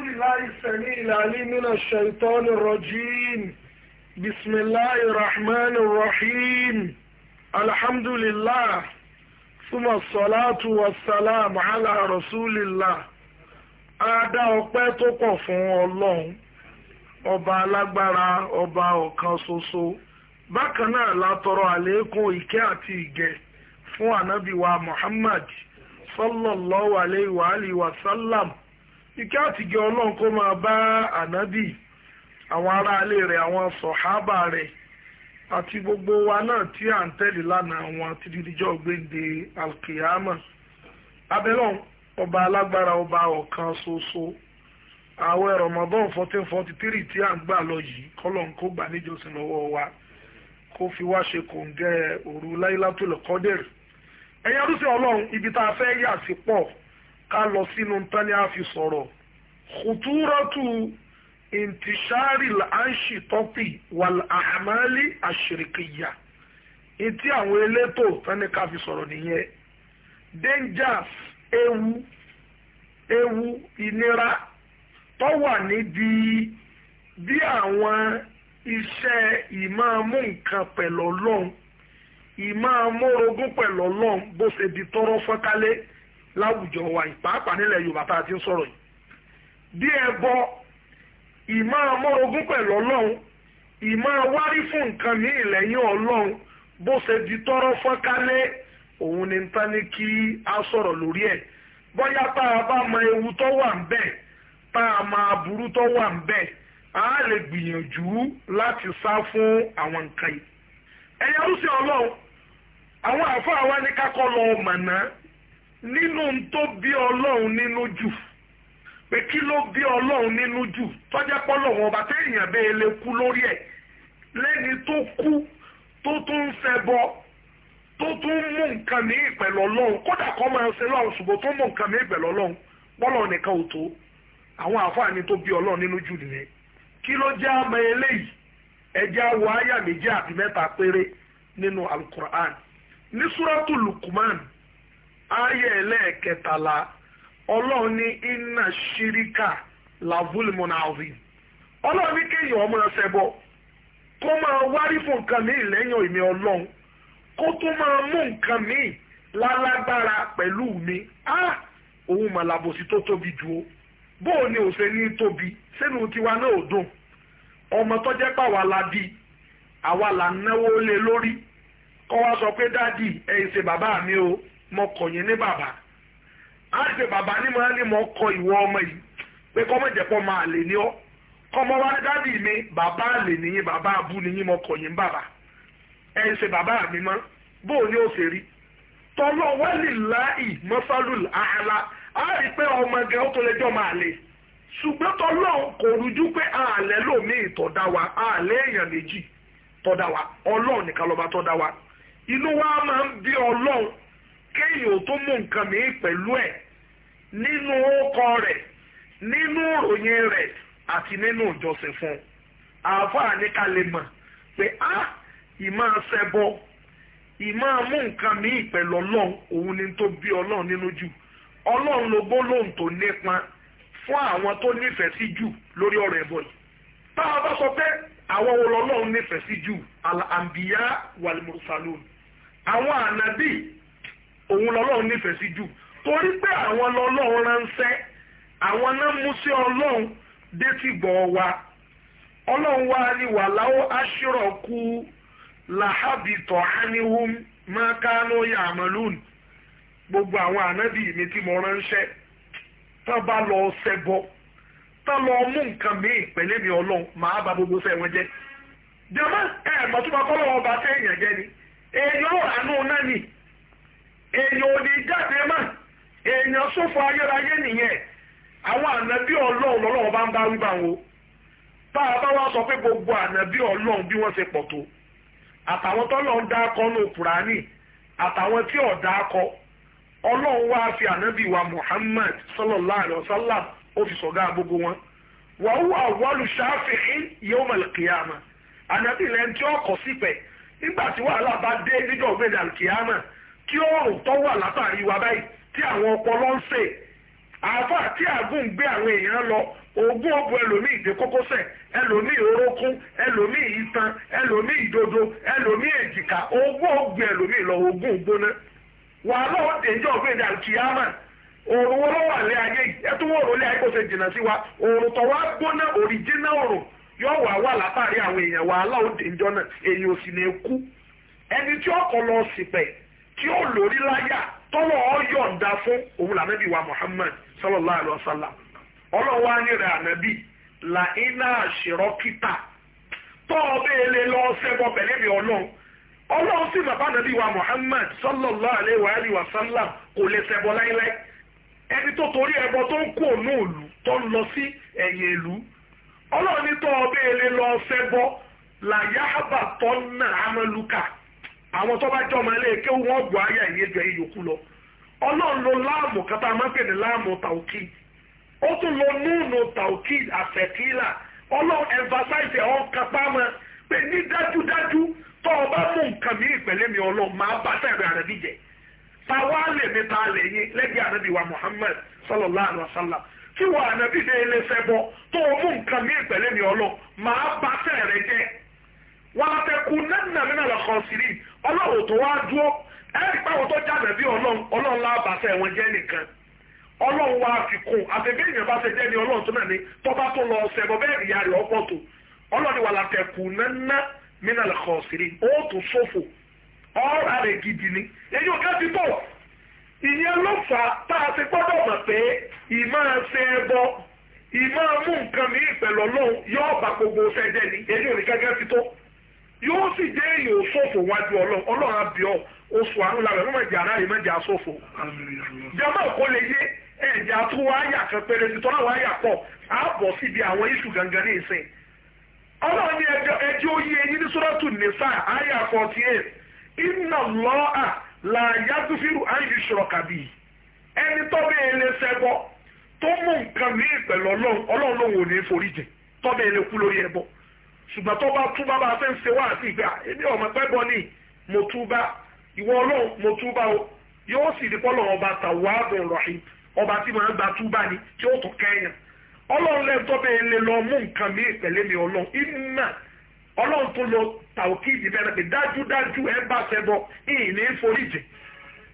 بالله السميع العليم من الشيطان الرجيم بسم الله الرحمن الرحيم الحمد لله ثم الصلاة والسلام على رسول الله Adá ọpẹ́ tó pọ̀ fún Ọlọ́run, ọba alágbára, ọba ọ̀kan ṣoṣo. Bákan náà la tọrọ àlékún ìkẹ́ àti ìgẹ̀ fún ànábì wa Muhammad sallallahu alayhi wa alihi wa sallam ìkẹ́ àtìgẹ́ ọlọ́run kó máa bá ànábì àwọn aráalé rẹ̀ àwọn sọ̀hábà rẹ̀ àti gbogbo wa náà tí à ń tẹ̀lé lánàá wọn ti di ìjọ gbéǹde alkiyama abẹ́lọ́n ọba alágbára ọba ọ̀kan ṣoṣo àwẹ̀ Ramadan fourteen forty three tí à ń gbà lọ yìí kọ́lọ́n kó gbà níjọsìn lọ́wọ́ wa kó fi wá ṣe kòǹgẹ́ òru láyé látòlẹ̀ kọ́dẹ̀rì ẹ̀yin arúgbó ọlọ́run ibi tá a fẹ́ yà sí pọ̀ ká lọ sínú tán ni a fi sọ̀rọ̀ kùtùrọ́tù intishari anshi tọ́pì wal ahmali ashirikiya etí àwọn elétò tán ni ká fi sọ̀rọ̀ nìyẹn dangers ewu ewu ìnira tó wà nídìí bí àwọn iṣẹ́ ìmáàmú nǹkan pẹ̀lú ọlọ́run ìmáàmú orogún pẹ̀lú ọlọ́run bó ṣe di tọrọ fọ́nkálẹ̀ láwùjọ wa pàápàá nílẹ̀ yorùbá tá a ti ń sọ̀rọ̀ yìí bí ẹbọ ìmọ̀ amórogún pẹ̀lú ọlọ́run ìmọ̀ wárí fún nǹkan ní ìlẹ́yìn ọlọ́run bó ṣe di tọrọ fọ́nkálé òun ni tán ní kí a sọ̀rọ̀ lórí ẹ̀ bọ́yá tá a bá mọ ewu tó wà ń bẹ̀ tá a mọ aburú tó wà ń bẹ̀ a lè gbìyànjú láti sá fún àwọn nǹkan yìí ẹ̀yà ó sì ọlọ́run àwọn àfọ àwa ní kákọ́ lọ mọ̀nà nínú tó bí ọlọ́run nínú jù pé kí ló bí ọlọ́run nínú jù tọ́jẹ́ pọ́lọ́run ọba téèyàn bẹ́ẹ̀ lè kú lórí ẹ̀ lẹ́ni tó kú tó tún ń ṣẹbọ tó tún ń mú nǹkan ní ìpẹ̀lú ọlọ́run kódà kọ́ máa ṣe lọ́run ṣùgbọ́n tó mú nǹkan ní ìpẹ̀lú ọlọ́run bọ́lọ̀ nìkan ò tó àwọn àfáàní tó bí ọlọ́run nínú jù nìyẹn kí ló jẹ́ àmọ́ eléyìí ẹjẹ́ àwọ̀ àyà méjì àti mẹ́ta péré nínú alukur'an ní súrátù lukuman ayé ẹlẹ́ẹ̀kẹtàlá ọlọ́run ní iná ṣíríkà làvúlìmọ́nà alvin ọlọ́run ní kéèyàn ọmọ ẹsẹ̀ bọ̀ kó máa wárí fún nǹkan mi lẹ́yìn ìmí ọlọ́run kó tó máa mú nǹkan mi lálágbára pẹ̀lú mi á òun màlàbòsí tó tóbi jù bóò ni òṣè ní tóbi sínú tiwa náà ò dùn ọmọ la bí àwa là ń náwó lé lórí sọ pé dáàdì ṣe bàbá mi o. mo ní bàbá á bàbá ní mo ní mọkọ ìwọ ọmọ yìí pé kọ́ mọ̀ máa lè ní ọ́ kọ́mọ wá dádì mi bàbá lè nìyí bàbá abú níyìn mo kọ̀ bàbá ẹ ṣe bàbá mi mọ́ bóò rí tọ́lọ́ wẹ́lì láì àhàlà á rí pé ọmọ ó tó lè máa lè ṣùgbọ́n tọ́lọ́ kò rújú pé àlẹ́ méjì tọ́da wa nìkan lọ́ba kéèyàn tó mú nǹkan mi pẹ̀lú ẹ̀ nínú ọkọ rẹ̀ nínú ìròyìn rẹ̀ àti nínú ìjọsìn fún un àáfàá ní ká lè mọ̀ pé á ìmọ̀ ṣẹbọ ìmọ̀ mú nǹkan mi pẹ̀lú ọlọ́run òun ni tó bí ọlọ́run nínú jù ọlọ́run ló gbólóhùn tó nípa fún àwọn tó nífẹ̀ẹ́ sí jù lórí ọ̀rọ̀ ẹbọ yìí tá a bá sọ pé àwọn wo lọ́lọ́run nífẹ̀ẹ́ sí jù al-anbiya wal-mursalun àwọn ànábì òun lọ́lọ́run nífẹ̀ẹ́ sí jù torí pé àwọn lọ́lọ́run ránṣẹ́ àwọn náà mú sí ọlọ́run détìgbọ̀ wa ọlọ́run wa ni wàláwó aṣírọ̀kú làhábìtọ̀ ánihùn mákánú yàmọ̀lún gbogbo àwọn ànábì mi tí mo ránṣẹ́ tá bá lọ tá lọ mú nǹkan mi ìpẹ́lẹ́ mi ọlọ́run gbogbo ṣẹ́ wọn jẹ́ ẹ̀ ni èèyàn àánú náà nì èèyàn ò ní jáde èèyàn ṣòfò ayérayé nìyẹn àwọn ànábí ọlọ́run lọ́lọ́run bá ń bá bá a bá wá sọ pé gbogbo ànábí ọlọ́run bí wọ́n ṣe pọ̀ tó àtàwọn tọ́lọ́run dá ní òpùránì àtàwọn tí ò ọlọ́run wá fi ànábí wa sallallahu alayhi ó fi sọ̀gá gbogbo wọn wà wà ànábí sípẹ̀ bá dé níjọ́ tí oòrùn tó wà látàrí wa báyìí tí àwọn ọpọlọ ń sè àáfà tí àgùn gbé àwọn èèyàn lọ ogún ọ̀bù ẹlòmíì dé kókósẹ̀ ẹlòmíì orókún ẹlòmíì itan ẹlòmíì ìdodo ẹlòmíì èjìká ogún ọ̀gbìn ẹlòmíì lọ ogún gbóná wàhálà òde ìjọ ògbéde àkìyámà òòrùn wo ló wà ayé yìí ẹ tún wọ òòrùn lé wa òòrùn tó gbóná òrìjínà òòrùn yóò wà wà látàrí àwọn èèyàn náà èèyàn tí ó lórí láyà tọ́wọ́ ọ̀yọ̀ǹda fún òun lànàbí wa Muhammad sallallahu alayhi wa sallam ọlọ́wọ́ á ní rẹ̀ ànàbí là iná àṣìrọ́kítà tọ́ ọbẹ̀ ilé lọ sẹ́gbọ́ pẹ̀lú mi ọlọ́run ọlọ́run sì bàbá ànàbí wa Muhammad sallallahu alayhi wa sallam kò lè sẹ́gbọ́ láíláí ẹni tó torí ẹbọ tó ń kú òun òlu tó ń lọ sí ẹ̀yìn ìlú ọlọ́run ní tọ́ ọbẹ̀ ilé lọ sẹ́gbọ́ làyà àbàtọ́ náà amẹ́lúkà àwọn tó bá jẹ́ ọmọ ilé ike wọ́n gbọ́ ayé ẹ̀yẹ ju ẹ̀yẹ yòókù lọ ọlọ́run ló láàmù kátà máa ń pè ní láàmù tàùkì ó tún lo núùnù tàùkì àfẹ̀kílà ọlọ́run emphasize ẹ̀ ọ́n kápá mọ́ pé ní dájúdájú tó o bá mú nǹkan mi ìpẹ̀lẹ́ mi ọlọ́run máa bá sẹ́rẹ̀ àrẹ díjẹ táwa lè mi ta lè yín lẹ́gbẹ̀ẹ́ ànábì wa Muhammad sallallahu alayhi wa sallam tí wà ànábì dé ilé fẹ́ bọ́ tó o mú nǹkan mi ìpẹ̀lẹ́ mi ọlọ́run ọlọ́run tó wá dúró ẹ̀rí pàwọn tó jáde bí ọlọ́run lábàṣẹ wọn jẹ́ nìkan ọlọ́run wá fi kún àbẹ̀bẹ̀ èèyàn bá ṣe jẹ́ ní ọlọ́run tó náà ni tọ́ba tó lọ ṣẹ̀bọ̀ bẹ́ẹ̀ ìyá rẹ̀ ọ̀pọ̀ tó ọlọ́run wà látẹ̀kù nánà mínàlẹ̀ kọ̀ọ̀sìrì ó tún ṣòfò ọ̀rọ̀ rẹ̀ gidi ni èyí ò kẹ́ ti bọ̀ ìyẹn ló fà á tá a ti gbọ́dọ̀ mọ̀ pé ìmọ̀ ṣe ẹbọ ìmọ̀ ni èyí ò yóò sì jẹ́ èèyàn òṣòfò wájú ọlọ́run ọlọ́run àbí ọ oṣù àánú làwọn ẹ̀rọ mọ̀jẹ̀ aráàlú mọ̀jẹ̀ àṣòfò. jọba òkò lè yé ẹ̀jẹ̀ àtú wáyà kan péré nítorí àwọn àyà pọ̀ á bọ̀ síbi àwọn iṣu gangan ní ìsìn. ọlọ́run ní ẹjẹ́ oyè eyín ní sọ́dọ̀tù nìsa àyà forty eight iná lọ́ọ̀à là yàtúfìrù àyè ṣọ̀rọ̀kàbì ẹni tọ́bẹ̀ ẹlẹ́ sẹ́gbọ́ tó mú nǹkan mí ìpẹ̀lú ọlọ́run ọlọ́run lòun ò ní foríjì tọ́bẹ̀ ẹlẹ́ kú lórí ẹbọ ṣùgbọ́n tó bá túbá bá a fẹ́ ń ṣe wá àti ìgbà èmi ọmọ pẹ́ bọ́ ni mo túbá ìwọ ọlọ́run mo túbá o yóò sì di pọ́lọ̀ ọba tàwáàbọ̀ rọ̀hìn ọba tí màá gba túbá ni tí ó tún kẹ́yìn ọlọ́run lẹ́ńtọ́ bẹ́ẹ̀ lè lọ mú nǹkan mi pẹ̀lẹ́ mi ọlọ́run iná ọlọ́run tó lọ tàwọ́kìdì bẹ́ẹ̀ pé dájúdájú ẹ bá ṣẹbọ ìyìn ní foríjì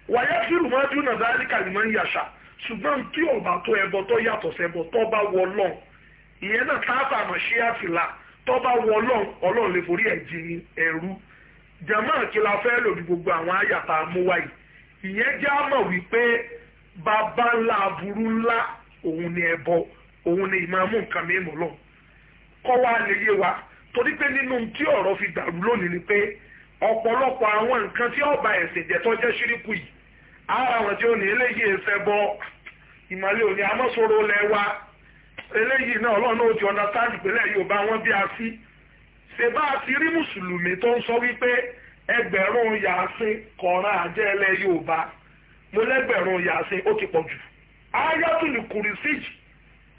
wàyà fírù máa dúnà dáríkà ni máa ń yàṣà ṣùgbọ́n tí ọba tó ẹbọ tó yàtọ̀ ṣẹbọ tó bá wọ ọlọ́run ìyẹn náà tọ́ba wọ ọlọ́run ọlọ́run lè forí ẹ̀ jìn ẹ̀rú jàmáà kí la fẹ́ lòdì gbogbo àwọn àyàtà amúwáyì ìyẹn já mọ̀ wípé bàbá ńlá aburú ńlá òun ni ẹbọ òun ni ìmọ̀ nǹkan mímu lọ kọ́ wa lè yé wa torí pé nínú tí ọ̀rọ̀ fi dàrú lónìí ni pé ọ̀pọ̀lọpọ̀ àwọn nǹkan tí ọba ẹ̀sìn jẹ́ tó jẹ́ ṣíríkù yìí ara wọn tí ó ní eléyìí ẹsẹ̀ bọ ìmọ̀lẹ́ òní amọ́sọ̀rọ̀ lẹ́wàá eléyìí náà ọlọ́run ó ti understand ìpínlẹ̀ yorùbá wọn bí a sí ṣèbá àti rí mùsùlùmí tó ń sọ wípé ẹgbẹ̀rún yàásín kọ̀ọ̀ràn àjẹ́ ilẹ̀ yorùbá mo lẹ́gbẹ̀rún yàásín ó ti pọ̀ jù ayatollah kurisiji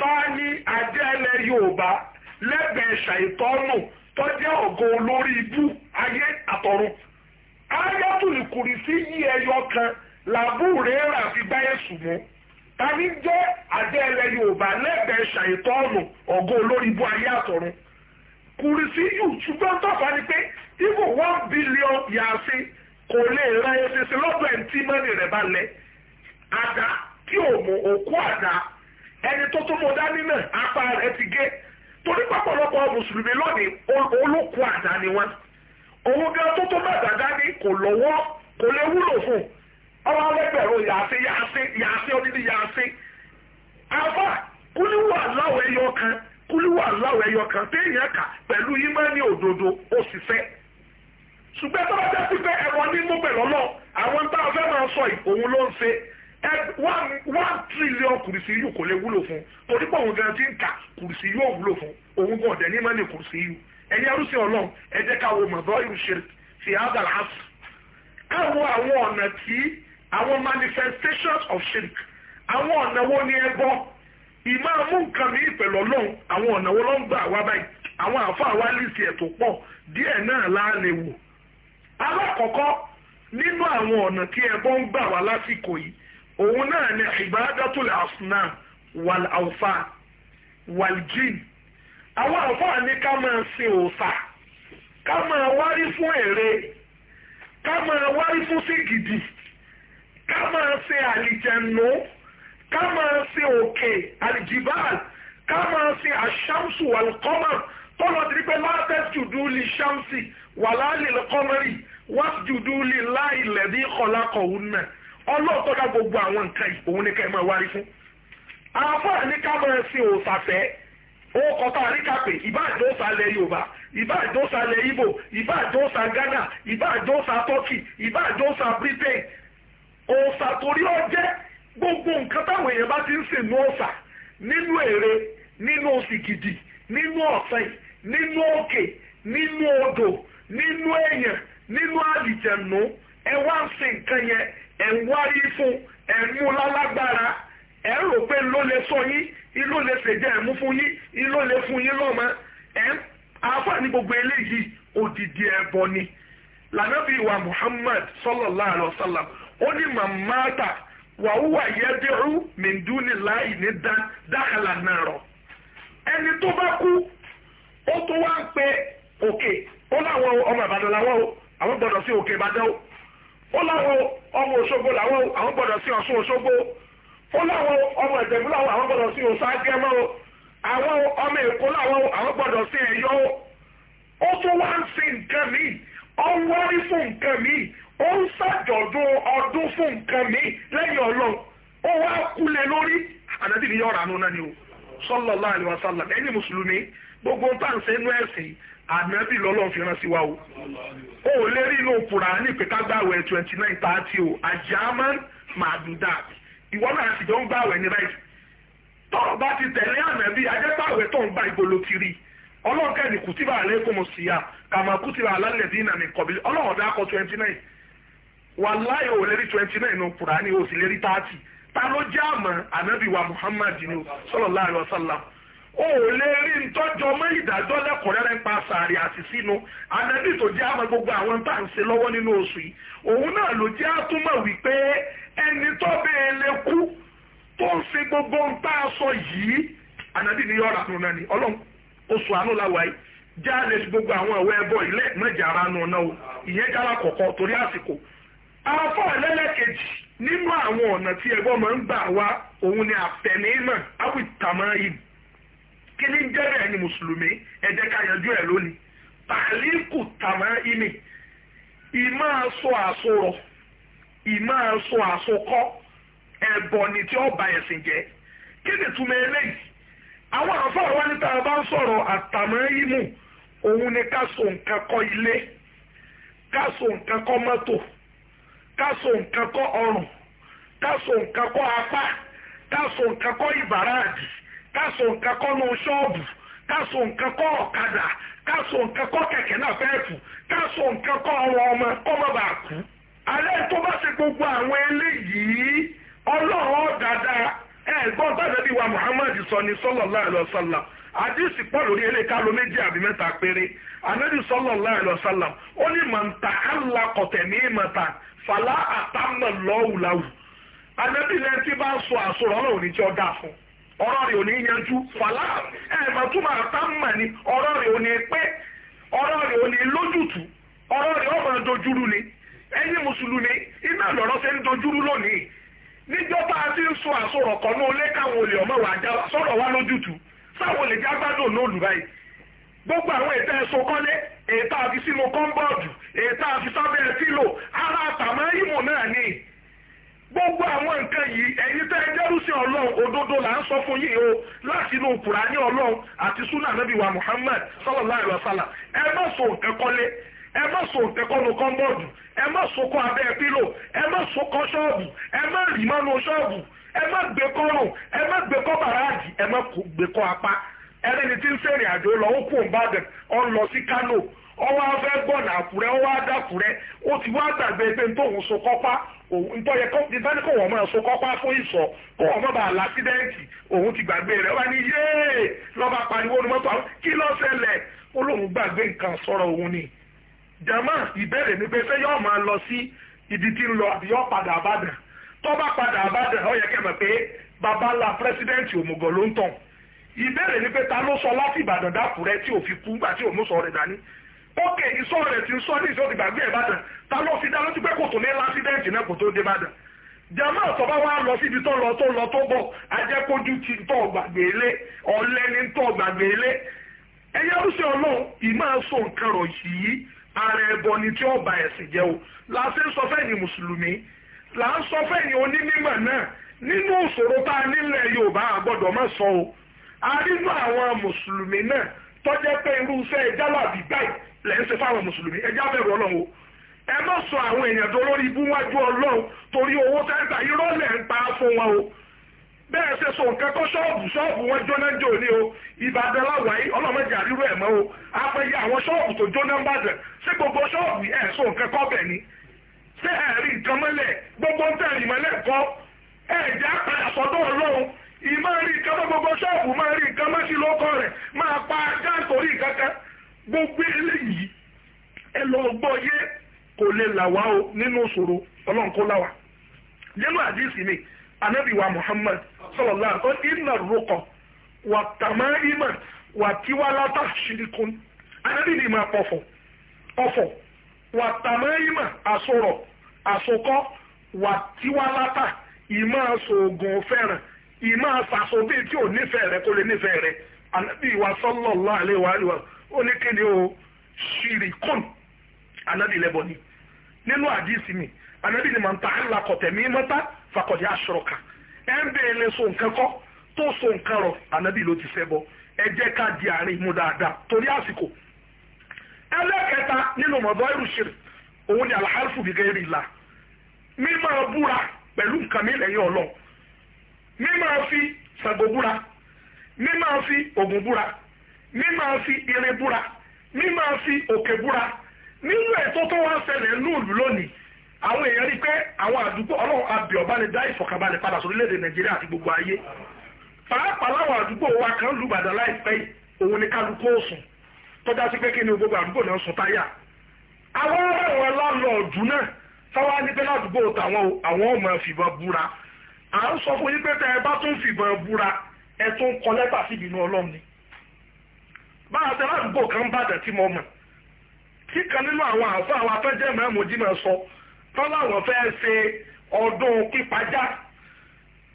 tá ní àjẹ́ ilẹ̀ yorùbá lẹ́gbẹ̀ẹ́ ṣàìtọ́nù tó jẹ́ ògo olórí ibú ayé àtọ̀run ayatollah kurisiji ẹyọ kan làbúrẹ́rà fi gbáyé sùn mọ́ tani jẹ́ àjẹ́ ilẹ̀ yorùbá lẹ́gbẹ̀ẹ́ ṣàìtọ́ọ̀nù ọ̀gọ́ olórí ibú ayé àtọ̀run kùrìsì yù ṣùgbọ́n tọ́fà ni pé ibo one billion yàtí kò lè ra eṣinṣin lọ́dọ̀ ẹ̀ tí mọ́nì rẹ̀ bá lẹ̀ àdá tí ò mú òkú àdá ẹni tó tó mọ dání náà apá rẹ̀ ti gé torí pọ̀pọ̀lọpọ̀ mùsùlùmí lónìí olókùú àdá ni wọ́n òun gan tó tó bàtà dání kò lọ́wọ́ kò lè wúlò fún un ọwọ́ alẹ́bẹ̀rún yàásí yàásí yàásí odidi yàásí àbá kúlíwò aláwọ̀ ẹyọ kan kúlíwò aláwọ̀ ẹyọ kan téèyàn kà pẹ̀lú ìmọ̀ni òdodo òṣìṣẹ́ ṣùgbọ́n tó bá jẹ́ sí pé ẹ̀rọ ní mú pẹ̀lú àwọn tá a fẹ́ máa sọ òun ló ń ṣe one trillion kùrìsì yìí kò lè wúlò fún torí pé òun gan ti ń kà kùrìsì yìí ò wúlò fún òun gan ọ̀dẹ̀ ní mọ́ni kùrìsì yìí ẹ̀yin arúsìn ọlọ́run ẹ ká wo mọ̀dọ́ ìrúṣe fi ágàlá ká wo àwọn ọ̀nà tí àwọn manifestations of shirk àwọn ọ̀nà wo ni ẹbọ ìmáàmù nǹkan mi pẹ̀lú ọlọ́run àwọn ọ̀nà wo ló ń gbà wá báyìí àwọn àáfàá wa lìsì ẹ̀ tó pọ̀ díẹ̀ náà láàlè wò. alákọ̀ọ́kọ́ nínú àwọn ọ̀nà tí ẹbọ ń gbà wá lásìkò yìí òun náà ni ibadatul asnam wal awfa wal jin àwọn àáfàá ní ká máa sin òòṣà ká máa wárí fún èrè ká máa wárí fún sìgìdì. Si à ká máa ṣe àlìjẹ̀nù ká máa ṣe òkè àlìjìbáàl ká máa ṣe àṣàmùsù wàlùkọ́mà tọ́lọ́ ti pé látẹ̀ jùdú lè ṣàmùsì wàláàlì lọ́kọ́mọ́rì wá jùdú lè láì lẹ́bí kọ́lákọ̀ òun náà ọlọ́ọ̀tọ́ dá gbogbo àwọn nǹkan òun ní ká ẹ máa wárí au àfáà ní ká máa ṣe òṣàfẹ́ ó kọta àríkàpè ìbá àdóòsà lẹ yorùbá ìbá àdóòsà lẹ ìbò ìbá àdóòsà ghana ìbá àdóòsà turkey ìbá àdóòsà britain òòsà torí ọjẹ́ gbogbo nǹkan táwọn èèyàn bá ti ń sìn ní òòsà nínú ère nínú sìgìdì nínú ọ̀sẹ̀ nínú òkè nínú odò nínú èèyàn nínú àlìjẹ̀nù ẹ wá ń sìn nǹkan yẹn ẹ̀ ń wárí fún ẹ̀ ń mú lálágbára ẹ̀ ń rò pé ló lè sọ yín iló lè ṣèjẹ́ wa Muhammad sallallahu alayhi ó ní màmáàtà wàhùwà yẹ́dẹ́rú mìndúnilá ìní dákàlà náà rọ̀ ẹni tó bá kú ó tó wá ń pe òkè ó láwọn ọmọ ìbàdàn làwọn o àwọn gbọdọ̀ sí òkè ìbàdàn o ó láwọn ọmọ òṣogbo làwọn o àwọn gbọdọ̀ sí ọ̀ṣun òṣogbo ó láwọn ọmọ ìjẹ̀bú làwọn àwọn gbọdọ̀ sí ọ̀ṣun agẹ́mọ́ o àwọn ọmọ èkó làwọn o àwọn gbọdọ̀ sí ẹ̀yọ́ o ó tó wá ń sin nǹkan míì ọwọ́ rí fún nǹkan míì ó ń ṣàjọ̀dún ọdún fún nǹkan mi lẹ́yìn ọlọ́run ó wá kúlẹ̀ lórí ànábì ní yọ̀ọ̀rọ̀ àánú náà ni o sallallahu alaihi wasallam ẹni mùsùlùmí gbogbo táǹsẹ̀ inú ẹ̀sìn ànábì lọ́lọ́run fi rán sí wa o ó lè rí inú Kùránì pé ká twenty nine thirty o àjàmá màdùdà ìwọ náà sì jọ ń gbàwẹ̀ ní báyìí tọ́rọ̀ bá ti tẹ̀lé ànábì ajẹ́gbàwẹ̀ tó ń bá ìgbòlo kiri ọlọ́ọ̀kẹ́ ni kùtìbà alẹ́ kò mọ̀ síyà kàmá kùtìbà alálẹ̀ dín nàní kọ̀bí ọlọ́ọ̀dà akọ twenty nine wàláyé ò lè twenty nine nù kùránì ò sì lè thirty ta ló jẹ́ àmọ́ ànábì wa muhammad ni o sallallahu alaihi wasallam o ò lè rí ntọ́jọ́ mọ́ ìdájọ́ lẹ́kọ̀ọ́ rẹ́rẹ́ ń pa sàárì àti sínú ànábì tó jẹ́ àmọ́ gbogbo àwọn tá à ń ṣe lọ́wọ́ nínú oṣù yìí òun náà ló jẹ́ àtúmọ̀ wípé ẹni tó bẹ́ẹ̀ lè kú tó ń ṣe gbogbo ń tá sọ yìí ànábì ni yọ̀ọ́ ránú náà ni ọlọ́run oṣù àánú làwà yìí já lè gbogbo àwọn ẹ̀wọ́ ẹbọ ilẹ̀ mẹ́jà ránú náà o ìyẹn jára kọ̀kọ́ torí àsìkò afọ́ ẹlẹ́lẹ́kejì nínú àwọn ọ̀nà tí ẹgbọ́n máa ń gbà wá òun ni àfẹ̀mímọ̀ áwìtàmáyìn kí ni jẹ́ bẹ́ẹ̀ ni mùsùlùmí ẹ jẹ́ ká yanjú ẹ̀ lónìí tàlíkù tàmáyìnì ìmọ̀ aṣọ àṣọrọ̀ ìmọ̀ aṣọ àṣọkọ́ ẹ̀bọ̀ ni tí ó ba ẹ̀sìn jẹ́ kí ni túmọ̀ eléyìí àwọn àfọ́ àwọn níta bá ń sọ̀rọ̀ àtàmáyìnmù òun ni ká so nǹkan kọ́ ilé ká so nǹkan kọ́ mọ́tò ká so nǹkan kọ́ ọrùn ká so nǹkan kọ́ apá ká so nǹkan kọ́ ìbàràdì ká so nǹkan kọ́ nu ṣọ́ọ̀bù ká so nǹkan kọ́ ọ̀kadà ká so nǹkan kọ́ kẹ̀kẹ́ náà fẹ́ẹ̀fù ká so nǹkan kọ́ ọrùn ọmọ kọ́ má bàa kú. alẹ́ tó bá ṣe gbogbo àwọn eléyìí ọlọ́run dáadáa ẹ̀gbọ́n bàbá bíi wa Muhammad sọ ni sallallahu alaihi wasallam àdìsí pọ̀ lórí elékalo méjì àbí mẹ́ta péré anabi sallallahu alaihi wasallam ó ní màǹtà alákọ̀tẹ̀ ní màǹtà fàlà àtàmà lọ́wùláwù anabi lẹ́yìn tí bá sọ àsọ̀rọ̀ ọlọ́run ní ọ dáa fún ọ̀rọ̀ rẹ̀ ò ní yanjú fàlà túmọ̀ àtàmà ni ọ̀rọ̀ rẹ̀ ò ní pẹ́ ọ̀rọ̀ rẹ̀ ò ní lójútù ọ̀rọ̀ rẹ̀ ọ̀mà dojúrú ni ẹ̀yin mùsùlùmí iná a sáwọn lè jẹ́ agbádùn ní olùbáyìí gbogbo àwọn ètò ẹ̀sùn kọ́lé ètò àfi sínú kọ́ńbọ́ọ̀dù ètò àfi sábẹ́ fílò ara àtàmọ́ ìmọ̀ náà ni gbogbo àwọn nǹkan yìí ẹ̀yin tẹ́ ẹ jẹ́rú sí ọlọ́run òdodo là ń sọ fún yìí o láti inú kùránì ọlọ́run àti súnà nàbí wa Muhammad sallallahu alaihi wasallam ẹ má so nǹkan kọ́lé ẹ má so nǹkan kọ́nu kọ́ńbọ́ọ̀dù ẹ má so kọ́ abẹ́ pílò ẹ má so kọ́ ṣọ́ọ̀bù ẹ má rì mọ́nu ṣọ́ọ̀bù ẹ má gbé kọ́rùn ẹ má gbé kọ́ bàrá má gbé kọ́ apá ẹlẹ́ni tí ń sẹ́rìn àjò lọ ó kú òǹbàdàn ó ń lọ sí Kánò ọwọ́ afẹ́ gbọ̀nà Àkúrẹ́ ọwọ́ adàkúrẹ́ ó ti wá gbàgbé pé n tóun so kọ́pá òun tó yẹ kó ti bá ní kó wọ́n máa so kọ́pá fún ìsọ̀ kó wọ́n máa bá a lásídẹ́ǹtì òun ti gbàgbé rẹ̀ wá ní yéè lọ́ba pariwo ni mọ́tò àwọn kí ló ṣẹlẹ̀ ó lóun gbàgbé nǹkan sọ̀rọ̀ òun ni. jama ìbéèrè ni pé ṣé yóò máa lọ sí ibi tí ń lọ àbí yóò padà àbàdàn tó bá padà àbàdàn ó yẹ kẹ́ mọ̀ pé babalá pírẹsidẹ́ǹtì òmùgọ̀ ló ń tàn ìbéèrè ni pé ta ló sọ láti ìbàdàn dákùrẹ́ tí ò fi kú gbà tí òun sọ rẹ̀ dání ókè ìsọ rẹ̀ ti ń sọ ní ìsọdìgbà gbé ìbàdàn ta ló fi dá lójú pé kò tó ní lásídẹ́ǹtì náà kò tó dé ìbàdàn jama ọ̀tọ̀bá wa lọ síbi tó lọ tó lọ tó bọ̀ ajẹ́kójú ti ń tọ́ gbàgbé ilé ọ̀lẹ́ ni ń tọ́ gbàgbé ilé ẹ̀yẹ́ rúṣẹ́ ọlọ́run ìmọ̀ sọ nǹkan rọ̀ ni tí ó ni mùsùlùmí làá nínú ìṣòro tá a nílẹ̀ Yorùbá àgbọ́dọ̀ má sọ o a nínú àwọn mùsùlùmí náà tọ́jẹ́ pé irúfẹ́ ìjálàbí báyìí lẹ́ ṣe fáwọn mùsùlùmí ẹjá bẹ̀rù Ọlọ́run o ẹ má sọ àwọn èèyàn tó lórí ibú wájú Ọlọ́run torí owó tẹ́ńtà irọ́ lẹ̀ ń pa fún wọn o bẹ́ẹ̀ ṣe sọ nǹkan kọ́ ṣọ́ọ̀bù ṣọ́ọ̀bù wọn jóná jò ní o Ìbàdàn láwàáyé ọlọ́mọdé àrírò ẹ̀ mọ́ o apẹyẹ àwọn ṣọ́ọ̀bù tó jóná ń bàdàn ṣé gbogbo ṣọ́ọ̀bù ẹ̀ sọ nǹkan kọ́ bẹ̀ ni ṣé ẹ̀rí nǹkan mọ́lẹ̀ gbogbo ń tẹ̀rì mọ́lẹ̀ kọ́ ìsìláàmù máa rí nǹkan mọ́sí lókọ́ rẹ̀ máa pa ajá nítorí kankan gbogbo eléyìí ẹ lọ gbọ́ yé kò lè là wá o nínú ìṣòro ọlọ́run kó nínú àdìsí mi anabi muhammad sallallahu alaihi wasallam inna rukọ wà tàmáìmọ̀ wà tiwálátà ṣirikun anabi ni máa pọ̀fọ̀ ọ̀fọ̀ wà tàmáìmọ̀ àsọ̀rọ̀ àsọkọ́ wà tiwálátà ìmọ̀ àsọ̀gùn fẹ́ràn ìmọ̀ àfàsóbì tí ò nífẹ̀ẹ́ rẹ kó lè nífẹ̀ẹ́ rẹ ànábì wa sallallahu alaihi wa alihi ó ní ni o ṣìrìkún ànábì lẹ́bọ̀ ni nínú àdìsí mi ànábì ni màá ta àlàkọ̀tẹ̀ mi mọ́ta fàkọ̀dé aṣọ̀rọ̀kà ẹ̀ ń bẹ̀rẹ̀ lè so nǹkan kọ́ tó so nǹkan rọ̀ ànábì ló ti ṣẹbọ ẹ jẹ́ ká di àárín mú dáadáa torí àsìkò ẹlẹ́kẹta nínú mọ̀dọ́ òun ni gẹ́gẹ́ rí la mímọ́ búra pẹ̀lú nǹkan mi lẹ́yìn ọlọ́run mímáa fi Ṣàngó búra mímáa fi Ògún búra mímáa fi irin búra mímáa fi òkè búra nínú ètò tó wá ṣẹlẹ̀ lóòlù lónìí àwọn èèyàn rí pé àwọn àdúgbò ọlọ́run abẹ ọba lè dá ìfọ̀kànbalẹ̀ padà sórílẹ̀-èdè nàìjíríà àti gbogbo ayé pàápàá láwọn àdúgbò wa kan lùbàdàn láìpẹ́ òun ni kálukú òsùn tọ́já sí pé kí ni gbogbo àdúgbò náà sùn táyà àwọn ọ̀rọ̀ láńlọ́ọ̀dù náà táwa ní pé ládùúgbò tàwọn ọmọ fìbọn búra à ń sọ fún yín pé tẹ́ ẹ bá tún fìbọn búra ẹ tún kọ lẹ́tà síbi inú ọlọ́run ni báyọ̀ tẹ́ ládùúgbò kan bàjẹ́ tí mo mọ̀ tí kan nínú àwọn àfọ àwọn afẹ́jẹ́ mẹ́mọ́ jí mọ̀ sọ tán láwọn fẹ́ ṣe ọdún pípajá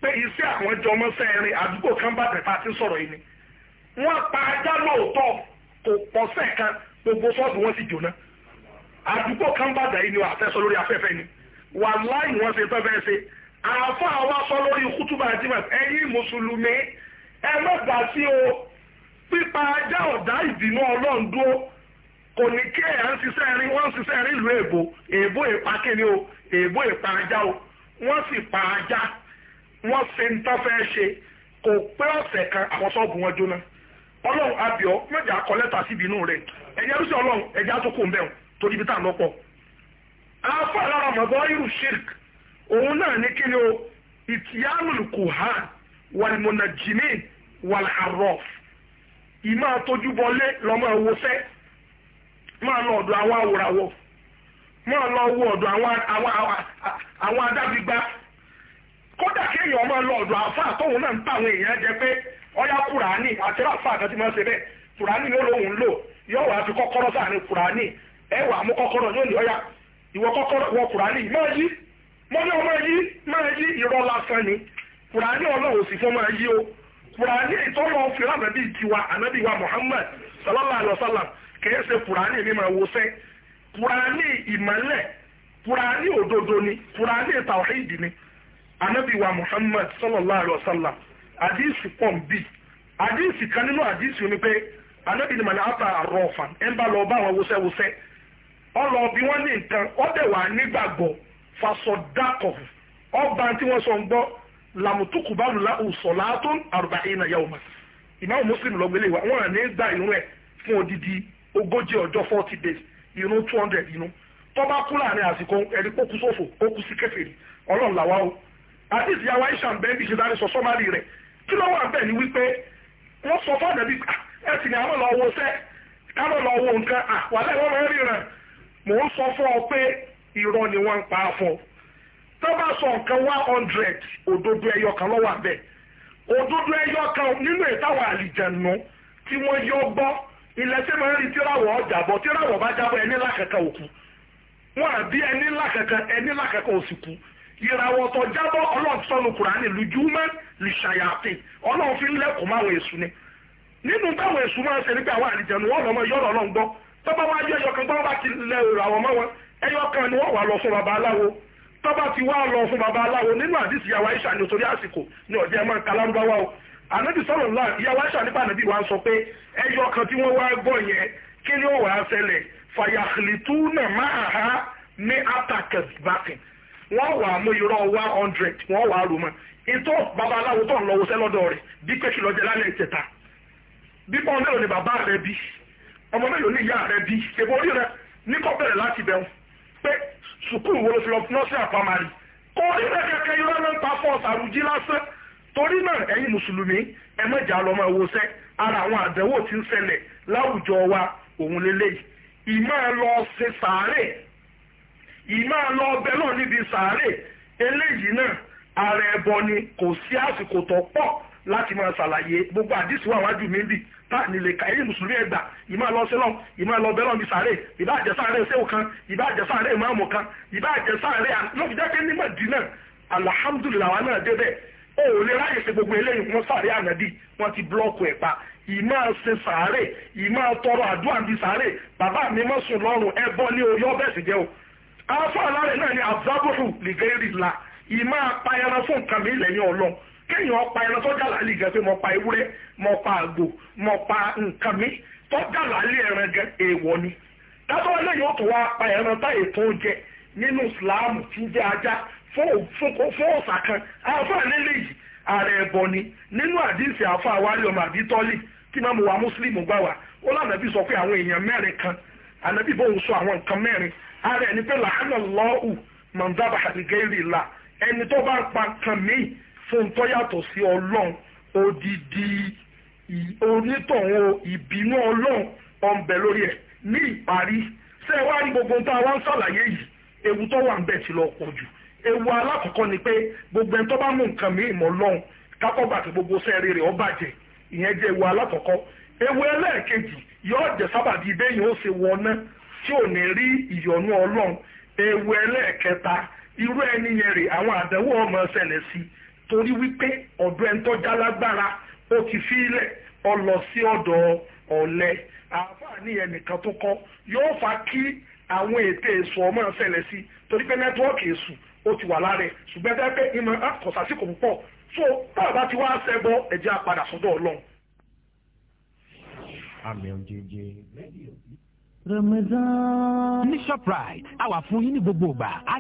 pé iṣẹ́ àwọn jọ ọmọ sẹ́rin àdúgbò kan bàjẹ́ tá a ti sọ̀rọ̀ yìí ni wọ́n pa ajá lóòótọ́ kò pọ̀ sẹ́ẹ̀kan gbogbo ṣọ́ọ̀bù wọn sì jóná àdúgbò kan bàjẹ́ yìí ni wọ́n àfẹ́sọ lórí afẹ́fẹ́ ni wàláì wọ́n ṣe tọ́ fẹ́ ṣe àáfà wa sọ lórí kútùbà àti bàtà ẹ̀yin mùsùlùmí ẹ mọ̀gbà sí o pípa ajá ọ̀dá ìbínú ọlọ́run dúró kò ní kí ẹ̀yà ń ṣiṣẹ́ rí wọ́n ń ṣiṣẹ́ rí ìlú èbó èbó ìpa kíni o èbó ìpa ajá o wọ́n sì pa ajá wọ́n ṣe ń tán fẹ́ ṣe kò pé ọ̀sẹ̀ kan àwọn ṣọ́ọ̀bù wọn jóná ọlọ́run abiọ́ mẹ́jọ akọ́lẹ́ta síbi inú rẹ̀ ẹ̀yà ló sì ọlọ́run ẹ̀já tó kù ń bẹ̀rù torí ibi tá à ń lọ́pọ̀. àáfà lára mọ̀gbọ́ irú shirk òun náà ní kí ni o ìtìyánul kuhan wàlmùnàjìmí wàlàrọf ìmọ̀ àtọ́júbọlé lọ́mọ ìwòsẹ́ máa lọ ọ̀dọ̀ àwọn awòràwọ̀ máa lọ wo ọ̀dọ̀ àwọn adábígbá kódà kéèyàn máa lọ ọ̀dọ̀ àfáà tóun náà ń pa àwọn èèyàn jẹ pé ọyá kùránì àti ti máa ń ṣe bẹ́ẹ̀ kùránì ló lóun lò yóò wá fi kọ́kọ́rọ́ sáà ní kùránì mú kọ́kọ́rọ́ yóò ní ọyá mo ní ọmọ yí máa yí irọ́ lásán ni kùránì ọlọ́run sì fún o kùránì ìtọ́lọ̀ fi ránàbí tiwa ànábì wa Muhammad sallallahu alayhi wa sallam kìí ṣe kùránì mi máa wo kùránì ìmọ̀lẹ̀ kùránì ni kùránì tàwáìdì ni Muhammad sallallahu alayhi wa sallam àdìsí àdìsí kan nínú àdìsí ni pé ànábì ni àrọ̀ ọ̀fà ẹ̀ fasọdakọ ọba tí wọn sọ ń gbọ lamutukubalu lausọlatun arbaina yawma ìmáwò muslim lọgbẹlẹ wa wọn ní gba irun ẹ fún odidi ogójì ọjọ́ forty days irun two hundred irun tọba kú láàrin àsìkò ẹni kó kú sófò ó kú sí kèfèrí Ọlọ́run làwa o àti ìyàwó aisha ń bẹ ní ìṣẹ̀dá sọ sọmárì rẹ kí ló wà bẹ́ẹ̀ ni wípé wọn sọ fún àdàbí ah, ẹ sì ní àwọn lọ wo sẹ káwọn wo nǹkan àwọn àlẹ wọn rẹ ríran mò ń sọ fún ọ pé irọ́ ni wọ́n ń pa á fún tó sọ nǹkan one hundred òdodo ẹyọ kan lọ́wọ́ abẹ́ òdodo ẹyọ kan nínú ìtawọ̀ àlìjẹ̀nu tí wọ́n yọ gbọ́ ilẹ̀ tí mo ń rí tíráwọ̀ ọjà bọ̀ tíráwọ̀ bá jábọ̀ ẹni lákàkà òkú wọn àbí ẹni lákàkà ẹni lákàkà òsìkú ìràwọ̀ tó jábọ̀ ọlọ́run ti sọnù kùránì lùjúmọ́ lùṣàyàtì ọlọ́run fi ń lẹ́kùn máwọn èṣù ni nínú táwọn èṣù máa ń ṣe nígbà àwọn àlìjẹ̀nu wọn lọ́mọ yọ̀rọ̀ ọlọ́run gbọ́ tó wá yọ gbọ́ bá ti lẹ ìràwọ̀ mọ́ wọn ẹyọ kan ni wọ́n wà lọ fún babaláwo tọ́ba ti wá lọ fún babaláwo nínú àdìsí yàwá ìṣà ní torí àsìkò ní ọ̀jẹ́ ẹ̀ máa ń kalárúbáwá o ànábì sọ̀rọ̀ náà yàwá ìṣà nípa ànábì wa ń sọ pé ẹyọ kan tí wọ́n wá gbọ́ yẹn kí ni ó wà á ṣẹlẹ̀ fàyàkìlìtú náà máa ha ní atakẹ̀s bákìn wọ́n wà á mú irọ́ one hundred wọ́n wà á rò mọ́ ìtọ́ babaláwo tó ń lọ wọṣẹ́ lọ́dọ̀ rẹ̀ bí pé kí lọ jẹ lálẹ́ ìtẹ̀ta bí pọ́n mélòó ni bàbá rẹ bí ọmọ mélòó ni ìyá rẹ bí èbó orí rẹ ní kọ́ bẹ̀rẹ̀ láti bẹ̀rù pé sùkúù wo ló fi lọ nọ́ọ̀sì àpamari kò rí bẹ́ẹ̀ kẹ́kẹ́ irọ́ ló ń ta fọ́ọ̀sì àrùjí lásán torí náà ẹ̀yin mùsùlùmí ẹ mọ̀jà lọ́mọ ìwòsẹ́ ara àwọn àdánwò tí ń ṣẹlẹ̀ láwùjọ wa òun lélẹ́yìí ìmọ̀ lọ ṣe sàárè ìmọ̀ lọ ọbẹ̀ náà níbi sàárè eléyìí náà ààrẹ ẹbọ ni kò sí àsìkò tó pọ̀ láti máa ṣàlàyé gbogbo àdìsí wà wájú mi bì tá nílé kàyé mùsùlùmí ẹgbà ìmá lọ sílọ ìmá lọ bẹlọ mi sàárè ìbá àjẹsàárè ṣéwù kan ìbá àjẹsàárè ìmáàmù kan ìbá àjẹsàárè lọ́fíjákẹ́ ní Mẹdínà alhamdulillah wa náà débẹ̀ ó lè ráyè ṣe gbogbo eléyìí wọ́n sàárè ànàdì wọ́n ti blọ́ọ̀kù ẹ̀ pa ìmá ṣe sàárè ìmá tọrọ àdúrà bíi sàárè bàbá mi mọ́ sùn lọ́rùn ẹ bọ́ ní orí ọ́bẹ̀sì jẹ́ o afọ alárẹ̀ náà ni àbúrábùrù lìgẹ́rì la ìmá apayẹran fún nǹkan mi lẹ́yìn ọlọ́run kéèyàn ọpa ẹran tó dà láàlì gan pé mo pa mo pa àgbò mo pa nǹkan mi tó dà láàlì ẹran gan ni dájọ́ eléyìí ó tún pa ẹran tá ètò oúnjẹ nínú Islam tí ń ajá fún ọ̀sà ni nínú ọmọ tí máa wa mùsùlùmí gbà wá ó lànàbí sọ pé àwọn èèyàn mẹ́rin kan ànàbí bóun sọ àwọn nǹkan mẹ́rin ààrẹ ẹni pé làánà lọ́ọ̀ù fún tó yàtọ̀ sí ọlọ́run odidi onítọ̀hún ìbínú ọlọ́run ọ̀nbẹ lórí ẹ̀ ní ìparí ṣé ẹ wá rí gbogbo tá a wá ń ṣàlàyé yìí ewu tó wà ń bẹ̀ ti lọ pọ̀ jù ewu alákọ̀ọ́kọ́ ni pé gbogbo ẹni tó bá mú nǹkan mí ìmọ̀ ọlọ́run kápọ̀ bàtí gbogbo sẹ́ẹ̀rì rẹ̀ ó bàjẹ́ ìyẹn jẹ́ ewu alákọ̀ọ́kọ́ ewu ẹlẹ́ẹ̀kejì yóò jẹ́ sábàbí ibẹ̀yìn ó ṣe wọná tí ò ní rí ìyọ̀nú ọlọ́run ewu ẹlẹ́ẹ̀kẹta irú ẹni yẹn rè àwọn àdánwò ọmọ ṣẹlẹ̀ sí torí wípé ọ̀dọ̀ ẹni tó já lágbára ó ti fi ilẹ̀ ọ sí ọ̀dọ̀ ọ̀lẹ àǹfààní ẹnìkan tó kọ́ yóò fa kí àwọn ètè èso ọmọ ṣẹlẹ̀ sí torí pé nẹ́tíwọ́ọ̀kì èso ó ti wà lára ẹ̀ ṣùgbọ́n tẹ́ pé ìmọ̀ àkọsásíkò ah, púpọ̀ so bàbá ti wá ṣẹ́gbọ́ ẹ̀jẹ̀ apadà sọ́dọ̀ ọlọ́run. Ramadan. ní shoprite a wà fún yín ní gbogbo ìgbà.